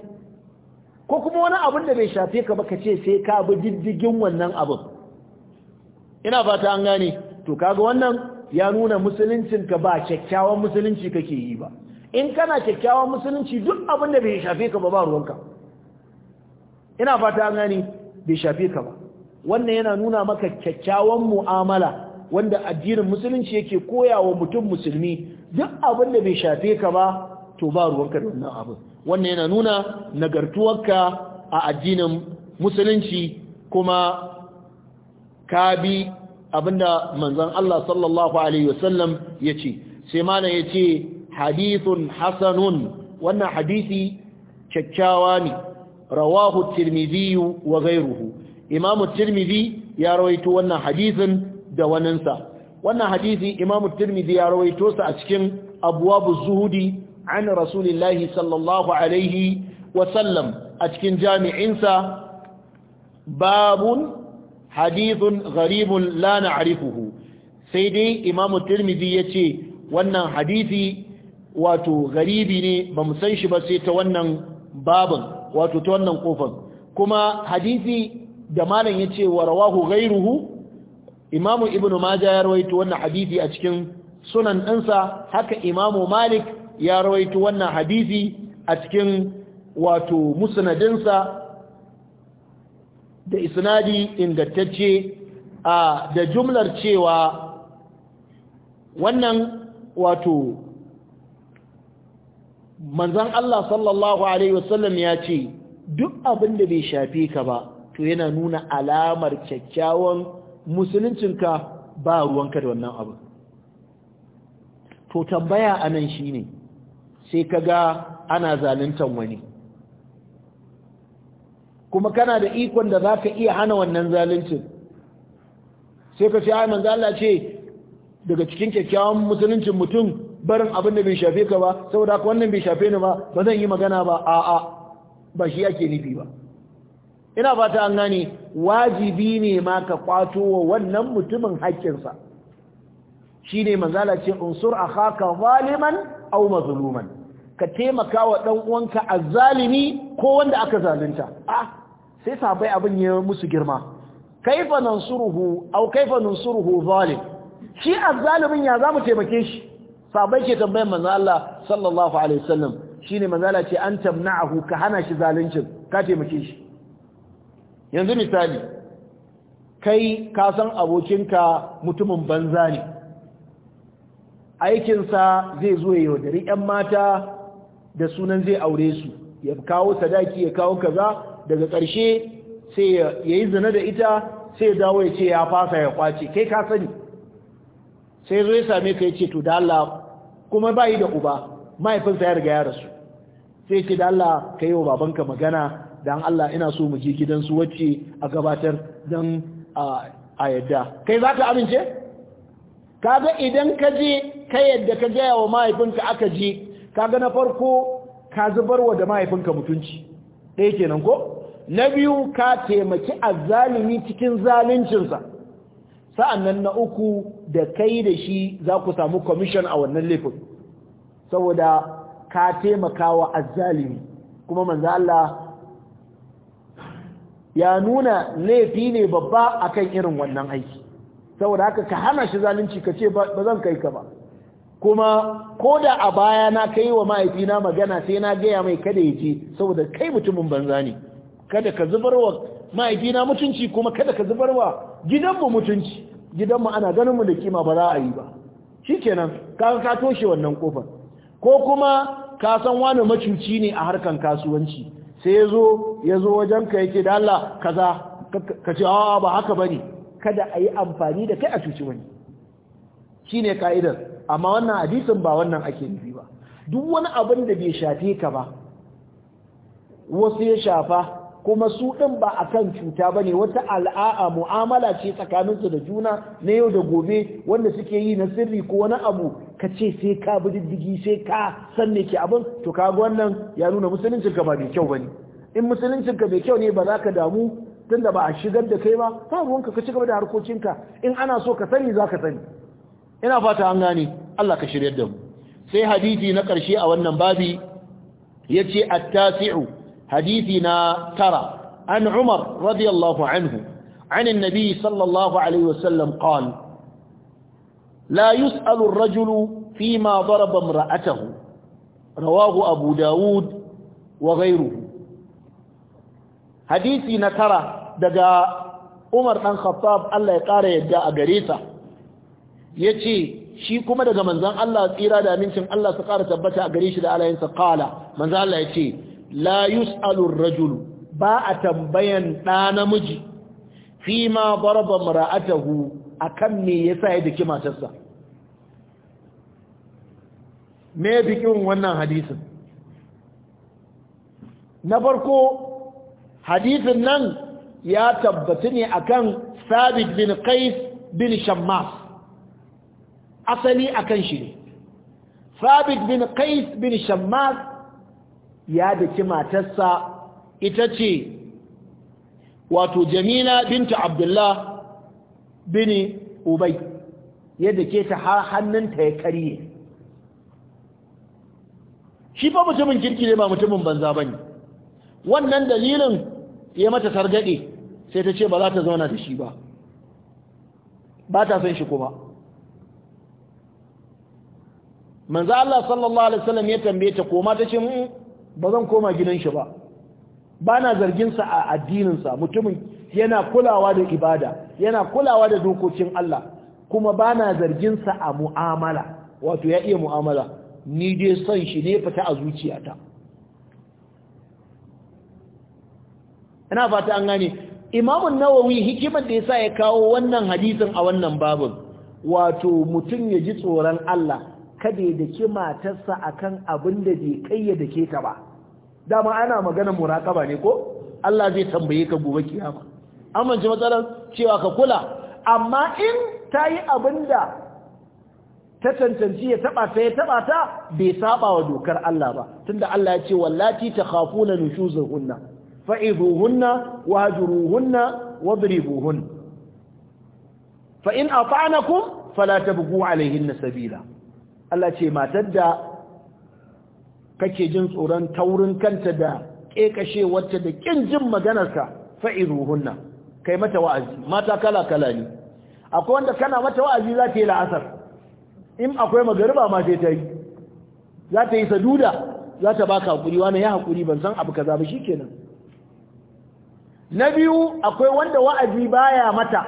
ko kuma wani abin da bai shafe ka ba ka ce sai ka bi diddigin wannan abin ina fata an gani. to kaga wannan ya nuna musuluncin ka ba kyakkyawan musulunci kake yi ba in kana kyakkyawan musulunci duk abin da bai shafe ka ba ba ruwanka ina fata an gani. bai shafe ka ba wannan yana nuna maka kyakkyawan mu'amala wanda addinin musulunci yake koya wa mutum musulmi duk abin da bai shafe ka ba to ba ruwanka da wannan abin wannan yana nuna nagartuwarka a addinin musulunci kuma ka bi abinda manzon Allah sallallahu alaihi wasallam yace sai mana yace hadithun hasanun wannan hadisi kyakkyawa ne rawahu tirmidhi wa ghayruhu imamu tirmidhi ya rawaito wannan hadisin da wanansa wannan hadisi imamu tirmidhi ya rawaito sa a cikin abwabu zuhudi an rasulillahi sallallahu alaihi wa sallam a cikin jami'insa babun hadithun gharibun la na'rifuhu sai dai imamu tirmidhi yace wannan hadisi wato garibi ne ba mu san shi ba sai ta wannan babun wato ta wannan kofar kuma hadisi da malam yace wa rawahu ghayruhu imamu ibnu majah ya rawaito wannan hadisi a cikin sunan ɗinsa haka imamu malik ya rawaito wannan hadisi a cikin wato musnadinsa da isnadi ingantacce a da jumlar cewa wannan wato manzan Allah sallallahu Alaihi wasallam ya ce duk abin da bai shafe ka ba to yana nuna alamar kyakkyawan musuluncinka ba ruwanka da wannan abu to tambaya a nan shi ne sai ka ga ana zalintan wani kuma kana da ikon da za ka iya hana wannan zaluncin sai ka ce ai zala ce daga cikin kyakkyawan musuluncin mutum barin abin da bai shafe ka ba saboda haka wannan bai shafe ni ba ba zan yi magana ba a ba shi ake nufi ba ina fata an gane wajibi ne ma ka kwato wa wannan mutumin haƙƙinsa shine manzala ce unsur akhaka zaliman aw mazluman ka taimaka wa dan uwanka azzalimi ko wanda aka zalunta ah sai sabai abin ya musu girma kaifa nansuruhu aw kaifa nansuruhu zalim shi azzalimin ya zamu taimake shi sabai ke tambayar manzo Allah sallallahu alaihi wasallam shine manzo Allah ce an tamna'ahu ka hana shi zaluncin ka taimake shi yanzu misali kai ka san abokinka mutumin banza ne aikin sa zai zo ya yaudari 'yan mata da sunan zai aure su ya kawo sadaki ya kawo kaza daga ƙarshe sai ya yi zina da ita sai ya dawo ya ce ya fasa ya kwace kai ka sani sai zo ya same ka ya ce to da Allah kuma bai da uba mahaifinsa ya riga ya rasu sai ce da Allah ka yi wa babanka magana dan Allah ina so mu je su wacce a gabatar dan a yadda kai za ka amince kaga idan ka je ka yadda ka gaya wa mahaifinka aka je kaga na farko ka zubarwa da mahaifinka mutunci ɗaya kenan ko na biyu ka taimaki azzalimi cikin zaluncinsa sa'annan na uku da kai da shi za ku samu commission a wannan laifin saboda ka taimakawa azzalimi kuma manzo Allah ya nuna laifi ne babba akan irin wannan aiki saboda haka ka hana shi zalunci ka ce ba zan kai ka ba kuma ko da a baya na kai wa mahaifina magana sai na gaya mai kada ya ce saboda kai mutumin banza ne kada ka zubarwa mutunci kuma kada ka zubarwa gidanmu mutunci Gidan mu ana ganin mu da kima ba za a yi ba shikenan ka ka toshe wannan kofar ko kuma ka san wani macuci ne a harkan kasuwanci sai ya zo wajen ka yake da Allah kaza ka ce a'a ba haka bane kada a yi amfani da kai a cuci wani shine ka'idar amma wannan hadisin ba wannan ake nufi ba duk wani abin da bai shafe ka ba wasu ya shafa kuma su ɗin ba a kan cuta ba ne wata al'a'a mu'amala ce tsakaninsu da juna na yau da gobe wanda suke yi na sirri ko wani abu ka ce sai ka bi diddigi sai ka san ne ke abin to ka wannan ya nuna musuluncinka ba mai kyau ba ne. in musuluncin ka mai kyau ne ba za ka damu tun ba a shigar da kai ba ta ruwanka ka ci gaba da harkokinka in ana so ka sani za ka sani ina fata an gane Allah ka shiryar da mu sai hadisi na karshe a wannan babi yace at-tasi'u hadisi na tara an umar radiyallahu anhu عن النبي صلى الله عليه وسلم قال لا يسأل الرجل فيما ضرب امرأته رواه أبو داود وغيره Umar نترى دقاء allah ya خطاب yadda a يدعى غريسة يتي shi kuma daga manzon Allah tsira da amincin Allah su ƙara tabbata a gare shi da alayensa qala manzon Allah yace la yus'alur rajulu ba a tambayan ɗa namiji fi ma daraba mara'atahu akan me yasa ya daki matarsa me bikin wannan hadisin na farko hadisin nan ya tabbata ne akan sabit bin qais bin shammas asali akan shi sabit bin qais bin shammas ya daki matarsa ita ce wato jamila binta abdullah bini ubai ya dake ta har hannunta ya karye shi fa mutumin kirki ne ba mutumin banza bane wannan dalilin ya mata sargade sai ta ce ba za ta zauna da shi ba ba ta san shi kuma manzo Allah sallallahu alaihi wasallam ya tambaye ta koma ta ce mu mm, ba zan koma gidan shi ba ba na zarginsa a addininsa mutumin yana kulawa da ibada yana kulawa da dokokin Allah kuma ba na zarginsa a mu'amala wato ya iya mu'amala ni dai son shi ne fita a zuciyata ina fata an gane imamun nawawi hikimar da yasa ya kawo wannan hadisin a wannan babin wato mutum ya ji tsoron Allah kada ya dake matarsa akan abin da bai kai ya dake ta ba dama ana magana muraqaba ne ko Allah zai tambaye ka gobe kiyama amma matsalar cewa ka kula amma in tayi abinda ta tantance ya taba ta ya taba ta bai saba wa dokar Allah ba tunda Allah ya ce wallati takhafuna nushuzuhunna fa'iduhunna wahjuruhunna wadribuhunna fa in afa'nakum fala tabghu alaihinna sabila Allah ce matar da kake jin tsoron taurin kanta da ƙeƙashe wacce da ƙin jin maganarsa fa'iruhunna kai mata wa'azi mata kala kala ne akwai wanda kana mata wa'azi za ta yi la'asar in akwai magariba ma sai ta yi za ta yi saduda za ta baka hakuri wani ya hakuri ban san abu kaza ba kenan. na biyu akwai wanda wa'azi baya mata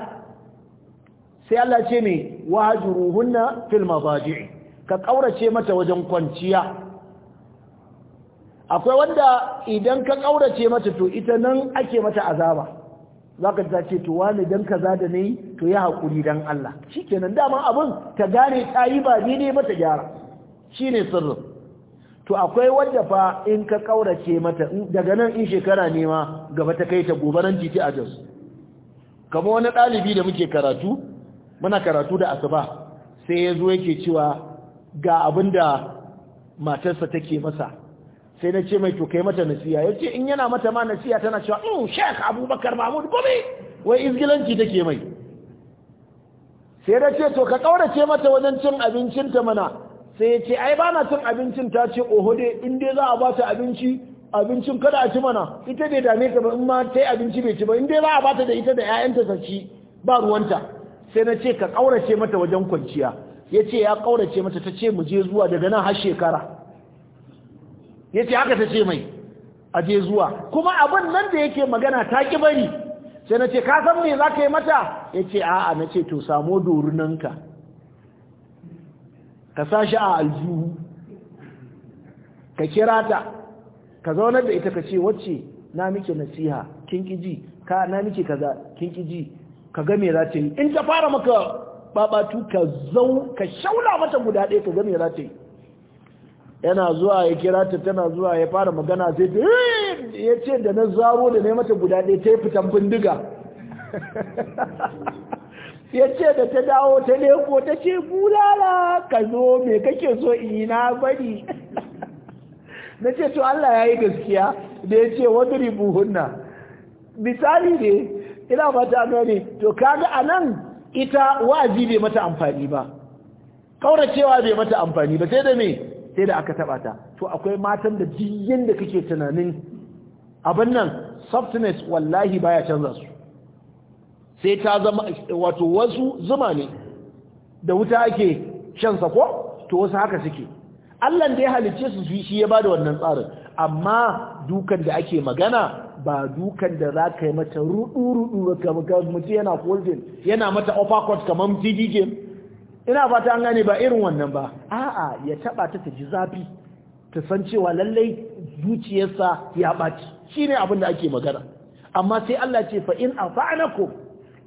sai Allah ce ne wahajuruhunna fil mazaji ka ƙaurace mata wajen kwanciya akwai wanda idan ka ƙaurace mata to ita nan ake mata azaba zaka ta ce to wani dan kaza da nayi to ya hakuri dan Allah shikenan dama abun ta gane ta yi ba daidai ba ta gyara shine sirrin to akwai wanda fa in ka ƙaurace mata daga nan in shekara ne ma gaba ta kai ta gobaran titi a jos kamar wani ɗalibi da muke karatu muna karatu da asuba sai ya zo yake cewa ga abin da matarsa take masa sai na ce mai to kai mata nasiya ya ce in yana mata ma nasiya tana cewa in oh, shek abubakar mahmud gobe wai izgilanci take mai sai na ce to ka ƙaurace mata wajen cin abincinta mana sai ya ce ai ba cin abincin ta ce oho dai in dai za a ba abinci abincin kada a ci mana ita bai dame ta ba in ma ta yi abinci bai ci ba in dai za a ba da ita da 'ya'yanta ta ci ba ruwanta sai na ce ka kaurace mata wajen kwanciya ya ce ya ƙaurace mata ta ce mu je zuwa daga nan har shekara Yace haka tace mai aje zuwa kuma abin nan da yake magana ta ki bari sai na ce ka san me za yi mata yace a'a nace to samo dorinanka ka sa shi a aljihu ka kira ta ka zauna da ita ka ce wacce na miki nasiha kin ji ka na miki kaza kin ji ka ga me za ta yi in ta fara maka babatu ka zau ka shaula mata guda ɗaya ka ga me za ta yi yana zuwa ya kira ta tana zuwa ya fara magana sai ta eh! ya ce da na zaro da na mata guda ɗaya ta yi fitan bindiga ya ce da ta dawo ta leko ta ce bulala ka zo me kake so ina bari na ce to Allah ya yi gaskiya da ya ce wani hunna misali ne ina mata gani to kaga a nan ita wa'azi bai mata amfani ba kauracewa bai mata amfani ba sai da me sai da aka taba ta to akwai matan da duk da kake tunanin abin nan softness wallahi baya canza su sai ta zama wato wasu zuma ne da wuta ake shan ko to wasu haka suke Allah da ya halicce su su shi ya bada wannan tsarin amma dukan da ake magana ba dukan da za ka yi mata rudu-rudu ga mutu yana holding yana mata uppercut kamar tv game ina fata an gane ba irin wannan ba a'a ya taba ta ta ji zafi ta san cewa lallai zuciyarsa ya ɓaci shine abin da ake magana amma sai Allah ce fa in afa'anakum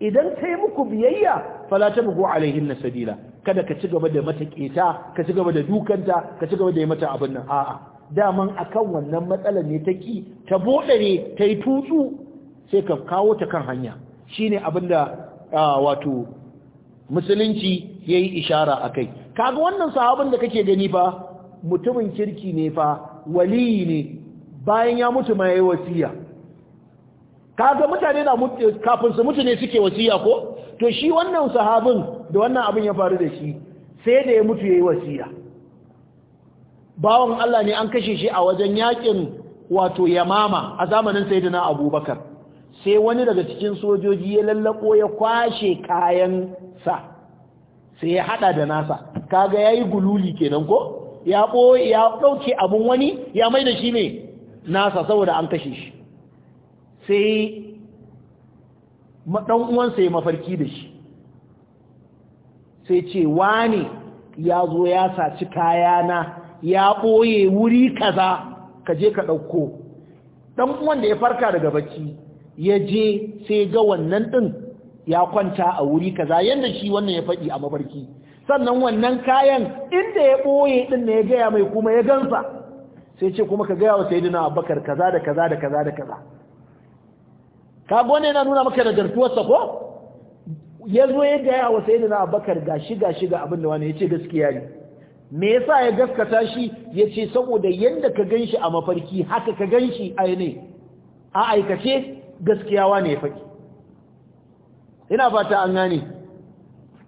idan ta muku biyayya fala ta bugu alaihin nasabila kada ka ci gaba da mata keta ka ci gaba da dukanta ka ci gaba da yi mata abin nan a'a daman akan wannan matsalar ne ta ki ta bode ta yi tutsu sai ka kawo ta kan hanya shine abin da ah, wato musulunci ya yi ishara a kai kaga wannan sahabin da kake gani fa mutumin kirki ne fa waliyi ne bayan ya mutu ma ya yi wasiya kaga mutane na kafin su mutu ne suke wasiya ko to shi wannan sahabin da wannan abin ya faru da shi sai da ya mutu ya yi wasiya bawan Allah ne an kashe shi a wajen yakin wato yamama a zamanin sayyidina abubakar sai wani daga cikin sojoji ya lallako ya kwashe kayan sa sai ya hada da nasa kaga yayi gululi kenan ko ya bo ya dauke abun wani ya mai da shi ne nasa saboda an kashe shi sai dan uwansa ya mafarki da shi sai ce wani ya zo ya saci kaya na ya ɓoye wuri kaza kaje ka ɗauko ɗan uwan da ya farka daga bacci ya je sai ga wannan ɗin ya kwanta a wuri kaza yadda shi wannan ya faɗi a mafarki sannan wannan kayan inda ya ɓoye ɗin na ya gaya mai kuma ya gansa sai ce kuma ka gaya wa dina Abakar kaza da kaza da kaza da kaza ka gwane na nuna maka da nagartuwarsa ko ya zo ya gaya wa dina abakar ga shiga shiga abin da wani ya ce gaskiya ne me yasa ya gaskata shi ya ce saboda yadda ka ganshi a mafarki haka ka ganshi a ne a aikace gaskiyawa ne ya faɗi ina fata an gane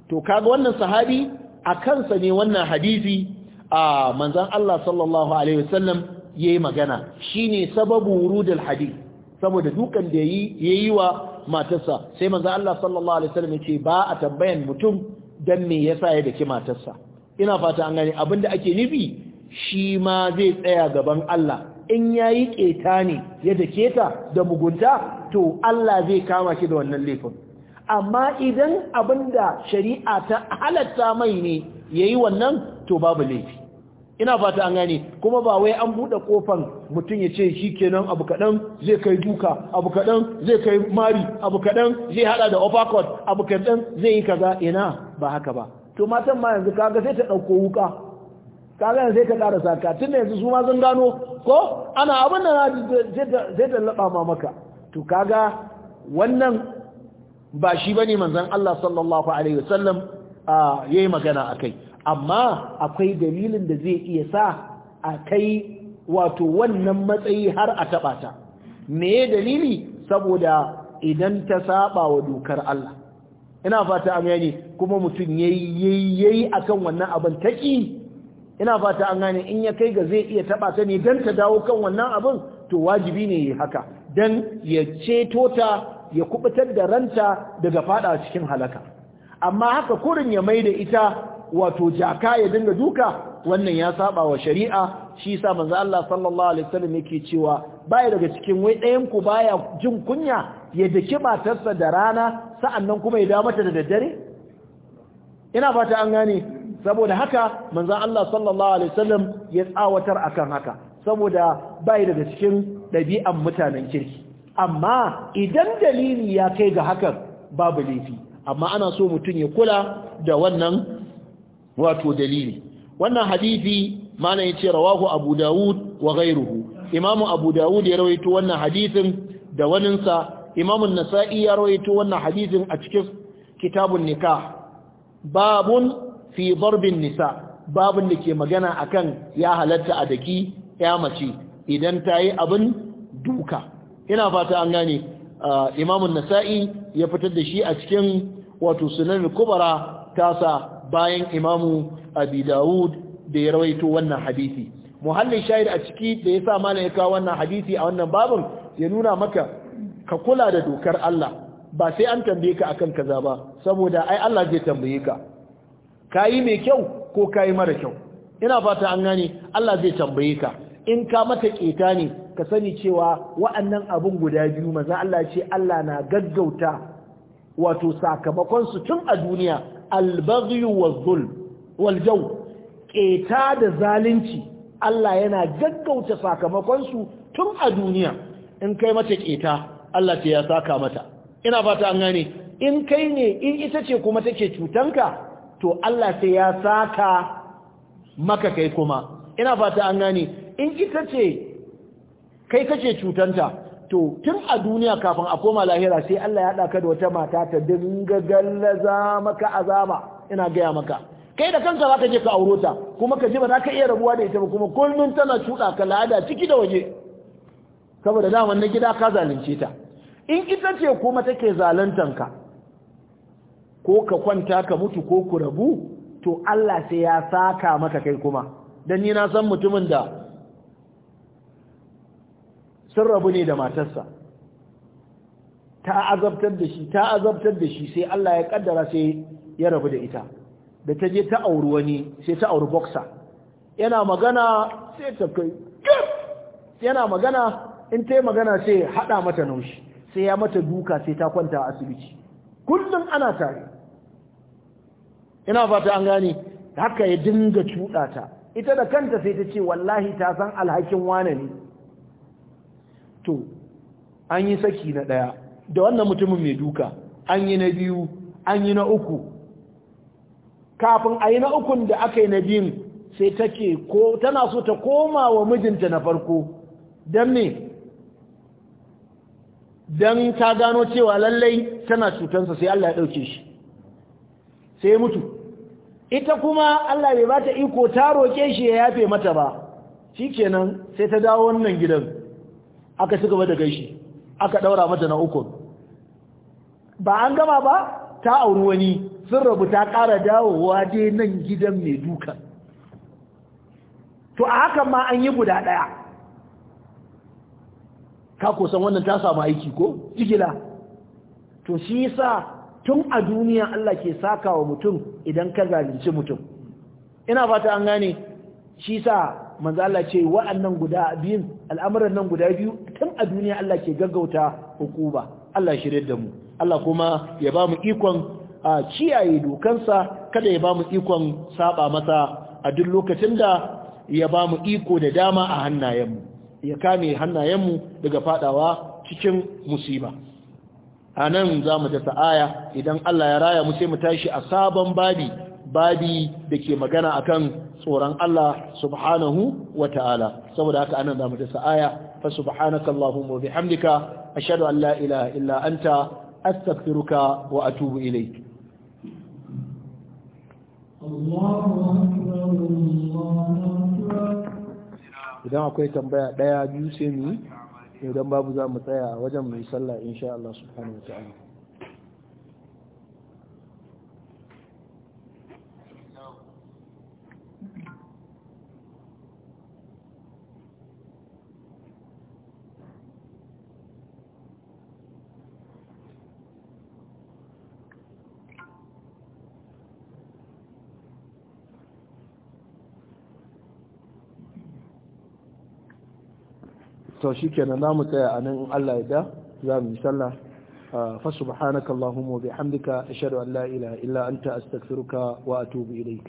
to kaga wannan sahabi a kansa ne wannan hadisi a manzan Allah sallallahu alaihi wasallam yayi magana shine sababu wurudul hadith saboda dukan da yayi yayi wa matarsa sai manzan Allah sallallahu alaihi wasallam yace ba a tambayan mutum dan me yasa ya daki matarsa ina fata an gane abinda ake nufi shi ma zai tsaya gaban Allah in yayi keta ne ya dake ta da mugunta to Allah zai kama shi da wannan laifin amma idan abinda shari'a ta halatta mai ne yayi wannan to babu laifi ina fata an gane kuma ba wai an bude kofan mutum ya ce shi kenan abu kadan zai kai duka abu kadan zai kai mari abu kadan zai hada da overcoat abu kadan zai yi kaza ina ba haka ba to matan ma yanzu kaga sai ta dauko wuka kaga sai ka ƙara saka tun da yanzu su ma sun gano ko ana abin da zai ta ma maka to kaga wannan ba shi bane manzon Allah sallallahu alaihi wasallam yayi magana akai amma akwai dalilin da zai iya sa a kai wato wannan matsayi har a taɓata. ta me dalili saboda idan ta saba wa dokar Allah ina fata an kuma mutum yayi yayi akan wannan abin taki ina fata an gane in ya kai ga zai iya taba ta ne dan ta dawo kan wannan abin to wajibi ne ya haka dan ya ceto ta ya kubutar da ranta daga fada cikin halaka amma haka kurin ya maida ita wato jaka ya dinga duka wannan ya saba wa shari'a shi yasa manzo Allah sallallahu alaihi wasallam yake cewa baya daga cikin wai ɗayan ku baya jin kunya ya daki matarsa da rana sa'annan kuma ya da mata da daddare ina fata an gane saboda haka manzon Allah sallallahu alaihi wasallam ya tsawatar akan haka saboda bai daga cikin ɗabi'an mutanen kirki amma idan dalili ya kai ga hakan babu laifi amma ana so mutum ya kula da wannan wato dalili wannan hadisi mana yace rawahu abu Dawud wa ghayruhu imamu abu Dawud ya rawaito wannan hadithin da waninsa imamun nasa'i ya rawaito wannan hadisin a cikin kitabun nikah babun fi darbin nisa babin da ke magana akan ya halatta a daki ya mace idan ta yi abin duka ina fata an gane imamun nasa'i ya fitar da shi a cikin wato sunan kubara tasa bayan imamu abi dawud da ya rawaito wannan hadisi muhallin shahid a ciki da ya sa mana ya kawo wannan hadisi a wannan babin ya nuna maka ka kula da dokar Allah ba sai an tambaye ka akan kaza ba saboda ai Allah zai tambaye ka kayi mai kyau ko kayi mara kyau ina fata an gane Allah zai tambaye ka in ka mata keta ne ka sani cewa wa'annan abun guda biyu maza Allah ce Allah na gaggauta wato sakamakon su tun a duniya al-baghy wal keta da zalunci Allah yana gaggauta sakamakon su tun a duniya in kai mata keta Allah ce ya saka mata ina fata an gane in kai ne in ita ce kuma take cutanka to Allah sai ya saka maka kai kuma ina fata an gane in ita ce kai kace cutanta to tun a duniya kafin a koma lahira sai Allah ya haɗa ka da wata mata ta dinga gallaza maka azaba ina gaya maka kai da kanka zaka je ka auro ta kuma ka ji ba za ka iya rabuwa da ita ba kuma kullum tana cuda ka lada, ciki da waje saboda daman na gida ka zalunce ta in ita ce kuma take ka. ko ka kwanta ka mutu ko ku rabu to Allah sai ya saka maka kai kuma dan ni na san mutumin da sun rabu ne da matarsa ta azabtar da shi ta azabtar da shi sai Allah ya kaddara sai ya rabu da ita da ta je ta auri wani sai ta auri boxer yana magana sai ta kai yana magana in ta magana sai haɗa mata naushi sai ya mata duka sai ta kwanta a asibiti kullum ana tare ina fata an gane haka ya dinga cuɗa ta ita da kanta sai ta ce wallahi ta san alhakin wane ne to an yi saki na ɗaya da wannan mutumin mai duka an yi na biyu an yi na uku kafin a yi na ukun da aka yi na biyun sai take ko tana so ta koma wa mijinta na farko don ne don ta gano cewa lallai tana cutansa sai Allah ya ɗauke shi sai ya mutu ita kuma Allah bai ba ta iko ta roƙe shi ya yafe mata ba shikenan sai ta dawo wannan gidan aka cigaba da gaishi aka daura mata na uku ba an gama ba ta auri wani sun rabu ta ƙara dawowa dai nan gidan mai duka to a hakan ma an yi guda ɗaya ka kusan wannan ta samu aiki ko jigila to shi sa tun a duniya Allah ke saka wa mutum idan ka zalunci mutum ina fata an gane shi sa manzo Allah ce wa'annan guda biyun al'amuran nan guda biyu tun a duniya Allah ke gaggauta hukuma Allah shirye da mu Allah kuma ya ba mu ikon a kiyaye dokansa kada ya ba mu ikon saba masa a duk lokacin da ya ba mu iko da dama a hannayenmu ya kame hannayen mu daga fadawa cikin musiba a nan za mu dasa aya idan Allah ya raya mu sai mu tashi a sabon babi babi da ke magana akan tsoron Allah subhanahu wa ta'ala saboda haka anan za mu dasa aya fa subhanaka allahumma wa bihamdika ashadu an la ilaha illa anta astaghfiruka wa atubu ilayk idan akwai tambaya ɗaya biyu sai mu idan babu za mu tsaya a wajen mai sallah insha Allah subhanahu wa ta'ala to kenan za mu tsaya a nan in Allah ya da za mu yi sallah fa subhanakallahumma wa bihamdika ashhadu an la ilaha illa anta astaghfiruka wa atubu ilayk